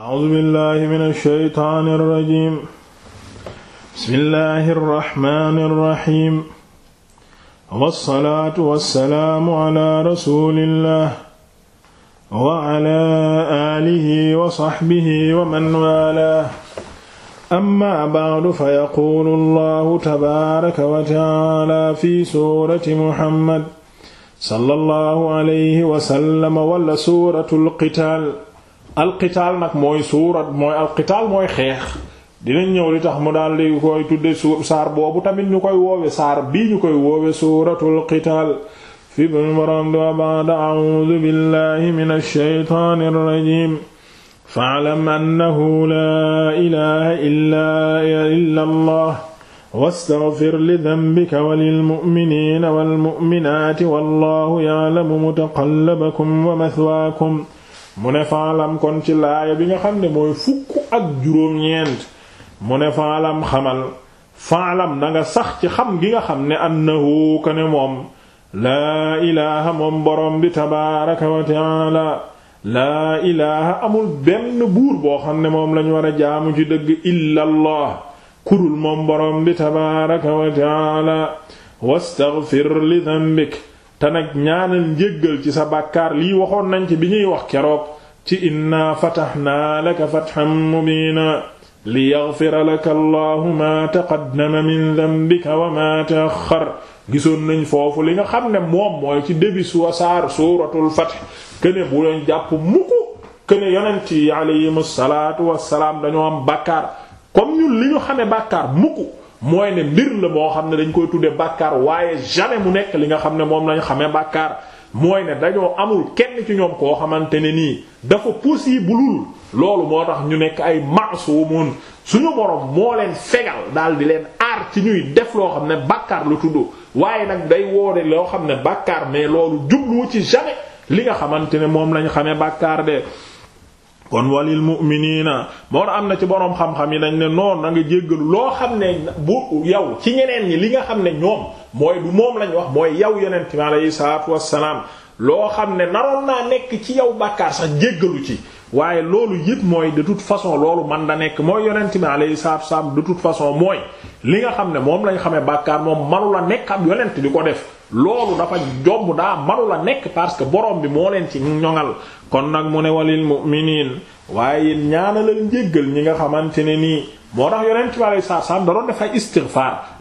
a'uuzu billahi mina shaytaani rajiim bismillahi rahmaani rahiim wassalaatu wassalaamu ala rasuulillah wa ala aalihi wa sahbihi wa man waalaahu amma ba'du fa yaquulu allahu tabaaraka wa ta'aala fi suurati muhammad sallallahu alayhi wa sallam wala suuratul qitaal alqitaal nag mooy suurat mooy alqitaal xeex dinañ ñëw li tax mu daan léegi koy tudde su saar boobu tamit ñu koy woowe saar bii ñu koy woowe suuratul qitaal fi bmram dowa baada audu billahi min alsheytaan alrajim faalam annahu laa ilaha illa allah wastaghfir lidambika walilmuminina walmuminaati wallahu ya'lamu mutaqallabakum wa mu ne faalam kon ci laaya bi nga xam ne mooy fukk ak juróom-ñeent mu ne faalam xamal faalam na nga sax ci xam gi nga xam ne annahu ka ne moom laa ilaaha moom borom bi tabaaraka wa taala laa ilaaha amul benn buur boo xam ne moom lañu war a jaamu ci dëgg illallah kurul moom borom bi tabaaraka wa taala wastaghfir li dhanbik te nag ñaanal njéggal ci sa bàkkaar lii waxoon nañ ci bi ñuy wax keroog ci inna fatahnaa laka fathan mubiina liyaghfira laka allahu ma taqaddama min dhanbika wa ma ta'akhkhar gisoon nañ foofu li nga xam ne moom mooy ci début suwa saar suuratul fath kene bu leen jàpp muku kene yonent yi alayhimu salaatu wassalaam dañoo am bàkkaar comme ñun li ñu xame bàkkaar muku mooy ne mbir la moo xam ne dañ koy tudde bàkkaar waaye jamais mu nekk li nga xam ne moom lañ xamee bàkkaar mooy ne dañoo amul kenn ci ñoom koo xamante ne nii dafa possible lul loolu moo tax ñu nekk ay masumun suñu borom moo leen fegal daal di leen aar ci ñuy def loo xam ne bàkkaar lu tudd waaye nag day woore loo xam ne bàkkaar mais loolu jublu ci jamais li nga xamante ne moom lañ xamee bàkkaar de kon walil mu'minina moo am na ci boroom xam-xam yi dañ ne noonu na nga jéggalu loo xam ne bu yow ci ñeneen ñi li nga xam ne ñoom mooy du moom lañ wax mooy yow yonent mi alayhi salaatu wassalaam loo xam ne naroon naa nekk ci yow bàkkaar sax jéggalu ci waaye loolu yëpp mooy de façon loolu man da nekk mooy yonent mi alayhi salaatu wassalaam de toute façon mooy li nga xam ne moom lañ xamee bàkkaar moom manu la nekk am yonent di ko def loolu dafa jomb daa manu la nekk parce que borom bi moo leen ci ñoŋal kon nag mu ne walil mu'miniin waaye yéen ñaanalal njéggal ñi nga xamante ne nii moo tax yonent bi alayhi salaatu salaam da doon def ay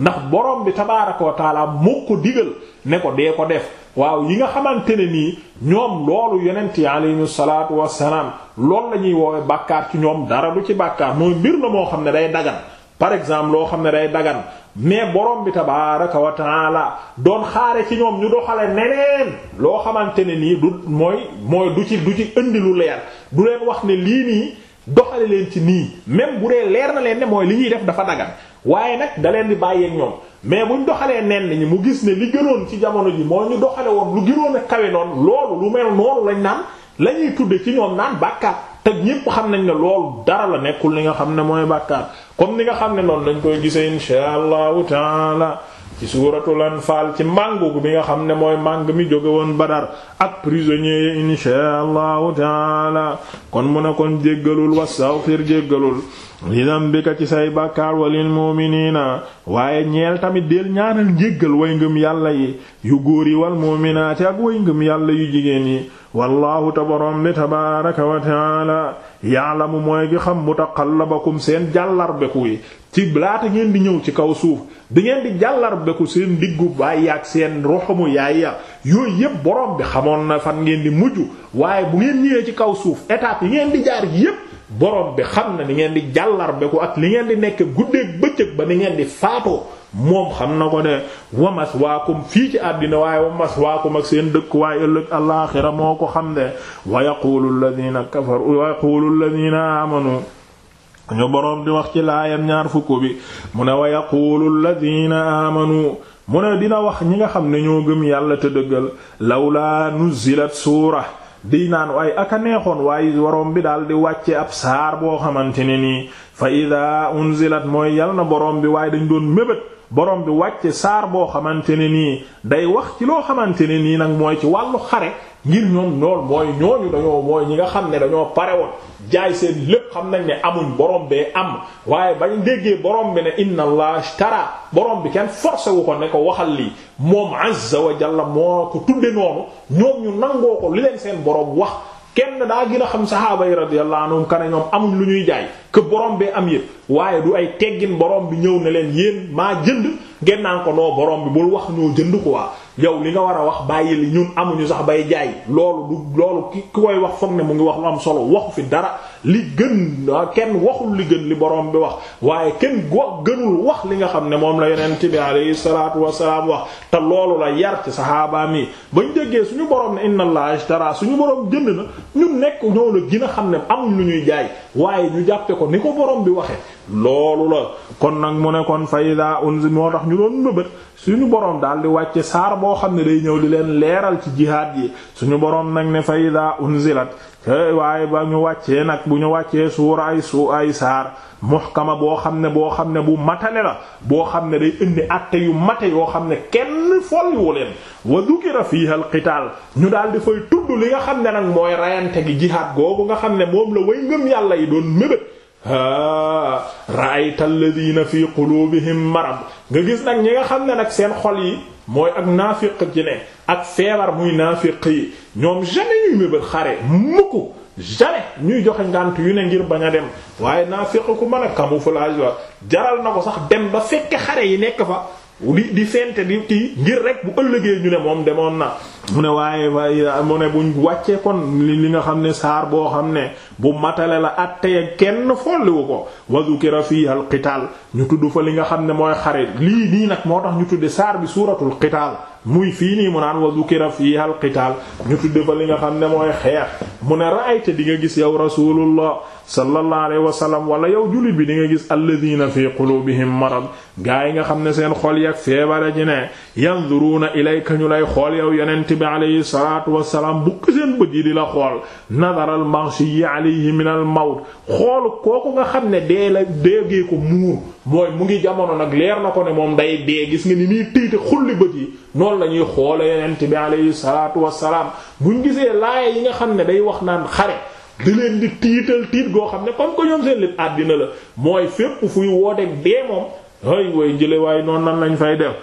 ndax boroom bi tabaaraka wa taala moo ko digal ne ko dee ko def waaw yi nga xamante ne nii ñoom loolu yonent yi alayhi salaatu wa salaam loolu la ñuy woowe bàkkaar ci ñoom dara du ci bàkkaar mooy mbir la moo xam ne day dagan par exemple loo xam ne day dagan mais boroom bi tabaaraka wa taala doon xaare ci ñoom ñu doxale neneen loo xamante ne nii du mooy mooy du ci du ci indi lu leer du leen wax ne lii nii doxale leen ci nii même bu dee leer na leen ne mooy li ñuy def dafa dagan waaye nag da leen di bàyyeeg ñoom mais buñ doxalee nen ñi mu gis ne li gënoon ci jamono ji moo ñu doxale woon lu gënoon a kawe noon loolu lu mel noonu lañ naan la ñuy ci ñoom naan bàkkaat te ñépp xam nañ ne loolu dara la nekkul li nga xam ne mooy bàkkaar comme ni nga xam ne noonu lañ koy gisee insha allahu taala ci suuratul anfaal ci màngu bi nga xam ne mooy màng mi jóge woon badar ak prisonnier yi insha allahu taala kon mu ne kon jéggalul wastaghfir jéggalul li dambika ci say bàkkaar walil mu'minina waaye ñeel tamit del ñaanal njéggal way ngëm yàlla yi yu góor yi wal muminaati ak way ngëm yàlla yu jigéen yi wallahu te boroom bi tabaaraka wa taala mu mooy gi xam mutaqallabakum seen jàllarbeku yi ci laata ngeen di ñëw ci kaw suuf di ngeen di jàllarbeku seen diggu baay ak seen roxumu yaay ya yooyu yépp boroom bi xamoon na fan ngeen di mujj waaye bu ngeen ñëwee ci kaw suuf étape yi ngeen di jaar yépp borom bi xam na ni ngeen di jàllarbeku ak li ngeen di nekk guddeeg bëccëg ba ni ngeen di faatoo moom xam na ko de wamas waakum fii ci àddina waaye wamas waakum ak seen dëkk waaye ëllëg alaaxira moo ko xam de wa yaqulu alladhina kafaru wa yaqulu alladhina amanu ñu boroom di wax ci laayam ñaar fukk bi mu ne wa yaqulu alladhina amanu mu ne dina wax ñi nga xam ne ñoo gëm yàlla te dëggal lawla nuzilat suura di naan waaye aka neexoon waaye waroom bi daal di wàcce ab saar boo xamante ne nii fa ida unzilat mooy yal na borom bi waaye dañ doon mébét borom bi wàcce saar boo xamante ne nii day wax ci loo xamante ne nii nag mooy ci wàllu xare ngir ñoom lool mooy ñooñu dañoo mooy ñi nga xam ne dañoo pare woon jaay seen lépp xam nañ ne amuñ borom bee am waaye bañ déggee borom bi ne inna allah ishtara borom bi kenn forcé wu ko ne ko waxal lii moom azza wa jalla moo ko tudde noonu ñoom ñu nangoo ko li leen seen borom wax kenn daa gën a xam saxaaba yi radiyallahu anhum kane ñoom lu ñuy jaay que borom bee am yëpp waaye du ay teggin borom bi ñëw ne leen yéen maa jënd ngeen ko noo borom bi bul wax ñoo jënd quoi yow li nga war a wax bàyyi li ñun amuñu sax bay jaay loolu du loolu ki ki koy wax foog ne mu ngi wax lu am solo waxu fi dara li gën ah, kenn waxul li gën li borom bi wax waaye kenn go gënul wax li nga xam ne moom la yonent bi alayhi salaatu wax te loolu la yar ci saxaabaam yi bañ déggee suñu borom ne inna allaha suñu borom jënd na ñun nekk ñoo la gën a xam ne amuñ lu ñuy jaay waaye ñu jàppe ko ni ko borom bi waxee loolu la kon nag mu ne kon fayda unzi moo tax suñu boroom daal di wàcce saar boo xam ne day ñëw di leen leeral ci jihaad yi suñu boroom nag ne fa idaa unzilat eh, waaye ba ñu wàccee nag bu ñu wàccee suura ay su ay saar muhkama boo xam ne boo xam ne bu matale la boo xam ne day indi atte yu mate yoo xam ne kenn folliwu leen wa dhukira fiha al qital ñu daal di fay tudd li nga xam ne nag mooy rayante gi jihaad googu nga xam ne moom la way ngëm yàlla yi doon mébét haa ra'ayta alladhina fi qulubihim marad nga gis nag ñi nga xam ne nag seen xol yi mooy ak naafiq ci ne ak feebar muy naafiq yi ñoom jamais ñuy mébal xare mukk jamais ñuy joxe ngànt yu ne ngir bañ a dem waaye naafiq ku mën a camouflage la jaral na ko sax dem ba fekke xare yi nekk fa di di fente di kii ngir rek bu ëllëgee ñu ne moom demoon na mu ne waaye waaye mu ne buñ wàccee kon li nga xam ne saar boo xam ne bu matale la atteye kenn folliwu ko wa zukira fiha al qital ñu tudd fa li nga xam ne mooy xare lii nii nag moo tax ñu tudde saar bi suuratul qital muy fii nii mu naan wa zukira fiha al qital ñu tudd fa li nga xam ne mooy xeex mu ne raayta di nga gis yow rasulullah sallallahu alayhi wa sallam wala yow jullit bi di nga gis alladina fi qulubihim marad gaa yi nga xam ne seen xol yi ak feebara ci ne yanzuruuna ilayka ñu lay xool yow yonent bi alayhi salaatu wasalaam bukk seen bët yi di la xool nadaral maghshi alayhi min al mawt xoolu kooku nga xam ne dee la déegee ko muur mu ngi jamono nag leer na ko ne moom day dee gis nga ni muy tiite xulli bët yi noonu la ñuy xoole yonent bi alayhi salaatu wasalaam buñ gisee laaya yi nga xam ne day wax naan xare da leen di tiital tiit goo xam ne comme que ñoom seen lépp àddina la mooy fépp fuy wooteeg dee moom ay way jële waaye noonu nan lañu fay def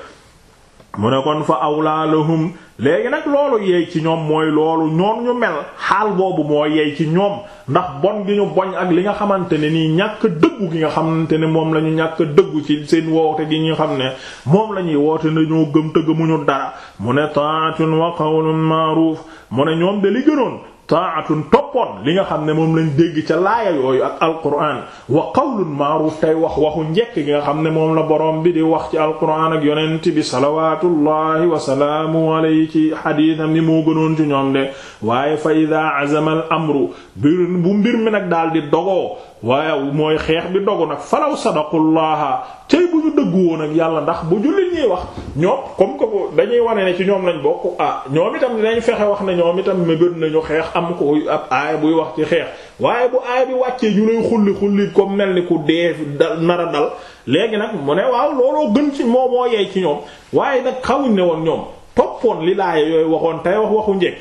mu ne kon fa awlaa lahum léegi nag loolu yeey ci ñoom mooy loolu ñoom ñu mel xaal boobu moo yeey ci ñoom ndax bon gi ñu boñ ak li nga xamante ne nii ñàkk dëggu gi nga xamante ne moom la ñu ñàkk dëggu ci seen woote gi ñu xam ne moom la ñuy woote nañoo gëm te gëmuñu dara mu ne taatun wa qawlun ma'ruf mu ne ñoom de li gënoon taatun toppoon li nga xam ne moom lañ dégg ca laaya yooyu ak alquran wa qawlun ma'ruf tey wax waxu njekk gi nga xam ne moom la borom bi di wax ci alquran ak yonent bi salawatullahi wasalaamu alayhi ci xadiisam ni moo gënoon ci ñoom de waaye fa ida azama al amru bir bu mbir mi nag daal di dogoo waaye mooy xeex bi dogu nag falaw sadaqullaha tey bu ñu dëggu woon ak yàlla ndax bu jullit ñuy wax ñoom comme que dañuy wane ne ci ñoom lañ bokk ah ñoom itam dinañ fexe wax ne ñoom itam mébét nañu xeex am ko ab aay buy wax ci xeex waaye bu aay bi wàccee ñu lay xulli xulli comme mel ni ku dee dal nara dal léegi nag mu ne waaw looloo gën ci moo moo yey ci ñoom waaye nag xawuñ ne woon ñoom toppoon li yooyu waxoon tey wax waxu njekk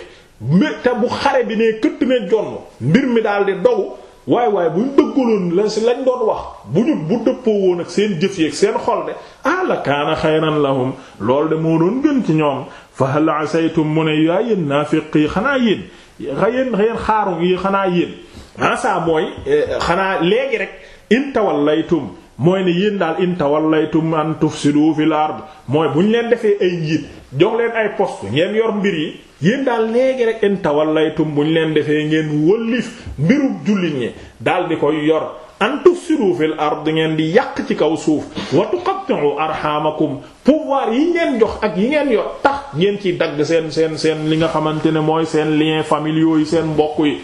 te bu xare bi ne këtt ne jonn mbir mi daal di dogu waay waaye bu ñu dëggaloon la si lañ doon wax bu ñu bu dëppoo woon ak seen jëf yi ak seen xol de ah la kaana xayran lahum loolu de moo doon gën ci ñoom fa hal asaytum mu ne yaa yéen naafiq xanaa yéen yéen yi xanaa yéen ansa ah mooy eh, xanaa léegi rek in tawallaytum mooy ne yéen daal in tawallaytum an tufsidu fil ard mooy bu ñu leen defee ay njiit jox leen ay poste ngeen yor mbir yi yéen daal léegi rek in bu ñu leen defee ngeen wëllif mbirub jullit ñi daal di koy yor an tufsidu fil ard ngeen di yàq ci kaw suuf wa tuqatti'u arhamakum pouvoir yi ngeen jox ak yi ngeen yor tax ngeen ciy dagg seen seen seen li nga xamante ne mooy seen lien familiaux yi seen mbokk yi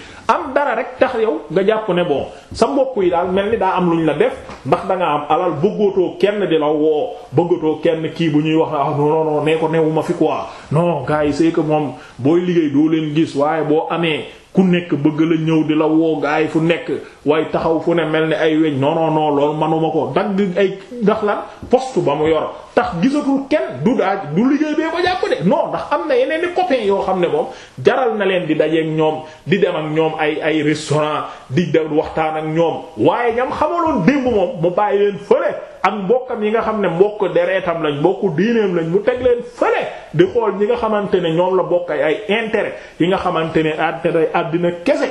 dara rek tax yow nga jàpp ne bon sa mbokk yi daal mel ni daa am lu luñ la def ndax danga am alal bëggatoo kenn di la woo bëggatoo kenn kii bu ñuy wax ah non non non ko newuma fi quoi non gars yi moom booy liggéey doo leen gis waaye boo amee ku nekk bëgg la ñëw di la woo gaay fu nekk waaye taxaw fu ne mel ni ay weñ non non non loolu manuma ko dagg ay ndax lan poste ba mu yor tax gisatul kenn du daaj du liggéey bee ko jàpp de non ndax am na yeneen i copains yoo xam ne moom jaral na leen di dajeeg ñoom di dem ak ñoom ay ay restaurant di dem waxtaan ak ñoom waaye ñam xamaloon démb moom mu bàyyi leen fële ak mbokkam yi nga xam ne mbokk dereetam lañ mbokku diineem lañ mu teg leen fële di xool ñi nga xamante ne ñoom la bokk ay ay yi nga xamante ne intérêt àddina kese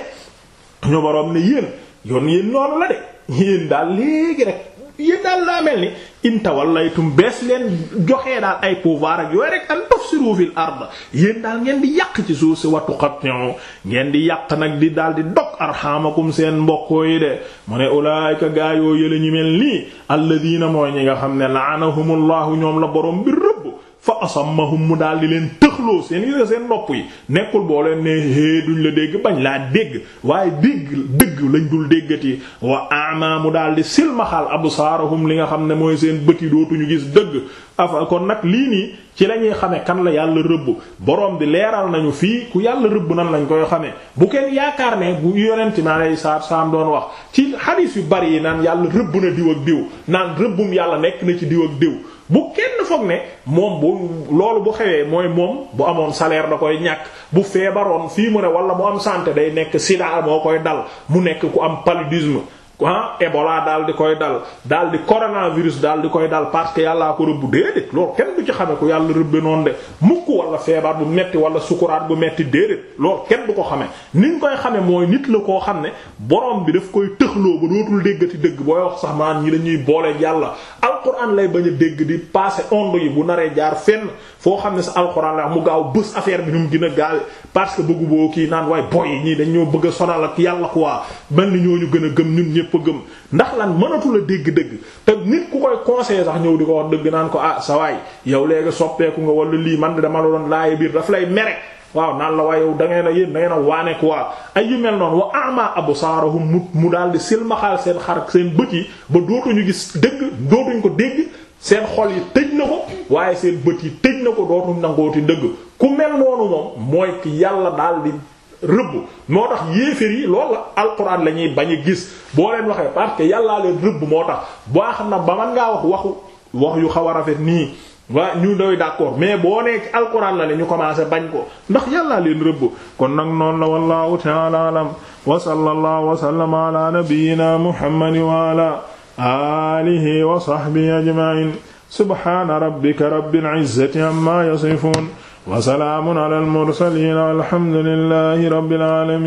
ñu boroom ne yéen yoon yéen noonu la de yéen daal léegi rek yéen daal daa mel ni intawallaytum bees leen joxee daal ay pouvoir ak yooyu rek an tufsiru fil ard yéen daal ngeen di yàq ci suuf si watu tuqatti'u ngeen di yàq nag di daal di dog arhamakum seen mbokkoo yi de mu ne ulaayika gaayoo yële ñu mel nii alladina mooy ñi nga xam ne la'anahumullahu ñoom la borom bi fa asammahum mu daal di leen tëxloo seen i seen nopp yi nekkul boo leen ne hee duñ la dégg bañ laa dégg waaye dégg dëgg lañ dul déggati wa ama mu daal di silmaxal absaarahum li nga xam ne mooy seen bëti yi dootuñu gis dëgg afa kon nag lii nii ci la ñuy xamee kan la yàlla rëbb borom bi leeral nañu fii ku yàlla rëbb nan lañ koy xamee bu kenn yaakaar ne bu yonent naa alayhi salaatu salaam doon wax ci xadiis yu bari yi naan yàlla rëbb na diw ak diw naan rëbbum yàlla nekk na ci diw ak diw bu kenn foog ne moom bu loolu bu xewee mooy moom bu amoon salaire da koy ñàkk bu feebaroon fii mu ne wala mu am santé day nekk sida moo koy dal mu nekk ku am paludisme ah Ebola daal di koy dal daal di coronavirus daal di koy dal parce que yàllaa ko rëbbu déedéet loolu kenn du ci xame ko yàlla rëbbe noonu de mukk wala feebar bu metti wala sukuraat bu metti déedéet loolu kenn du ko xame ni nga koy xame mooy nit la koo xam ne borom bi daf koy tëxloo ba dootul déggati dëgg booy wax sax maan ñi lañuy boole yàlla alquran lay bañ a dégg di passer onde yi bu naree jaar fenn foo xam ne sa alquran la mu gaaw bës affaire bi ñu gën a gaawe parce que bëggu boo kii naan waaye boy yi ñii ñoo bëgg a sonal ak yàlla quoi mel ni ñu gën a gëm ñun ñëpp a gëm ndax lan mënatul a dégg-dëgg te nit ku koy conseil sax ñëw di ko wax dëgg naan ko ah sa waay yow léegi soppeeku nga wala lii man dama la doon laaj biir daf lay mere. waaw naan la waaye da ngeen a yéen da ngeen a waane quoi ay yu mel noonu wa ama absaarahum mu mu daal di silmaxaal seen xar seen bët yi ba dootuñu gis dëgg dootuñ ko dégg seen xol yi tëj na ko waaye seen bët yi tëj na ko dootuñ nangooti dëgg ku mel noonu moom mooy yàlla daal di rëbb moo tax yéeféer yi lool la alxuraan la ñuy bañ a gis boo leen waxee parce que yàllaa leen rëbb moo tax baax na ba man ngaa wax waxu wax yu xaw a rafet nii waa ñu doy d'accord mais boo nekk alquran la ne ñu commencé bañ ko ndax yàllaa leen rëbb kon nag noonu la wallahu ta'ala alam wa sallallahu wa sallama ala nabiyyina muhammad wa ala alihi wa sahbihi ajma'in subhana rabbika rabbil izzati amma yasifun wa salaamun ala al mursalin walhamdulillahi rabbil alamin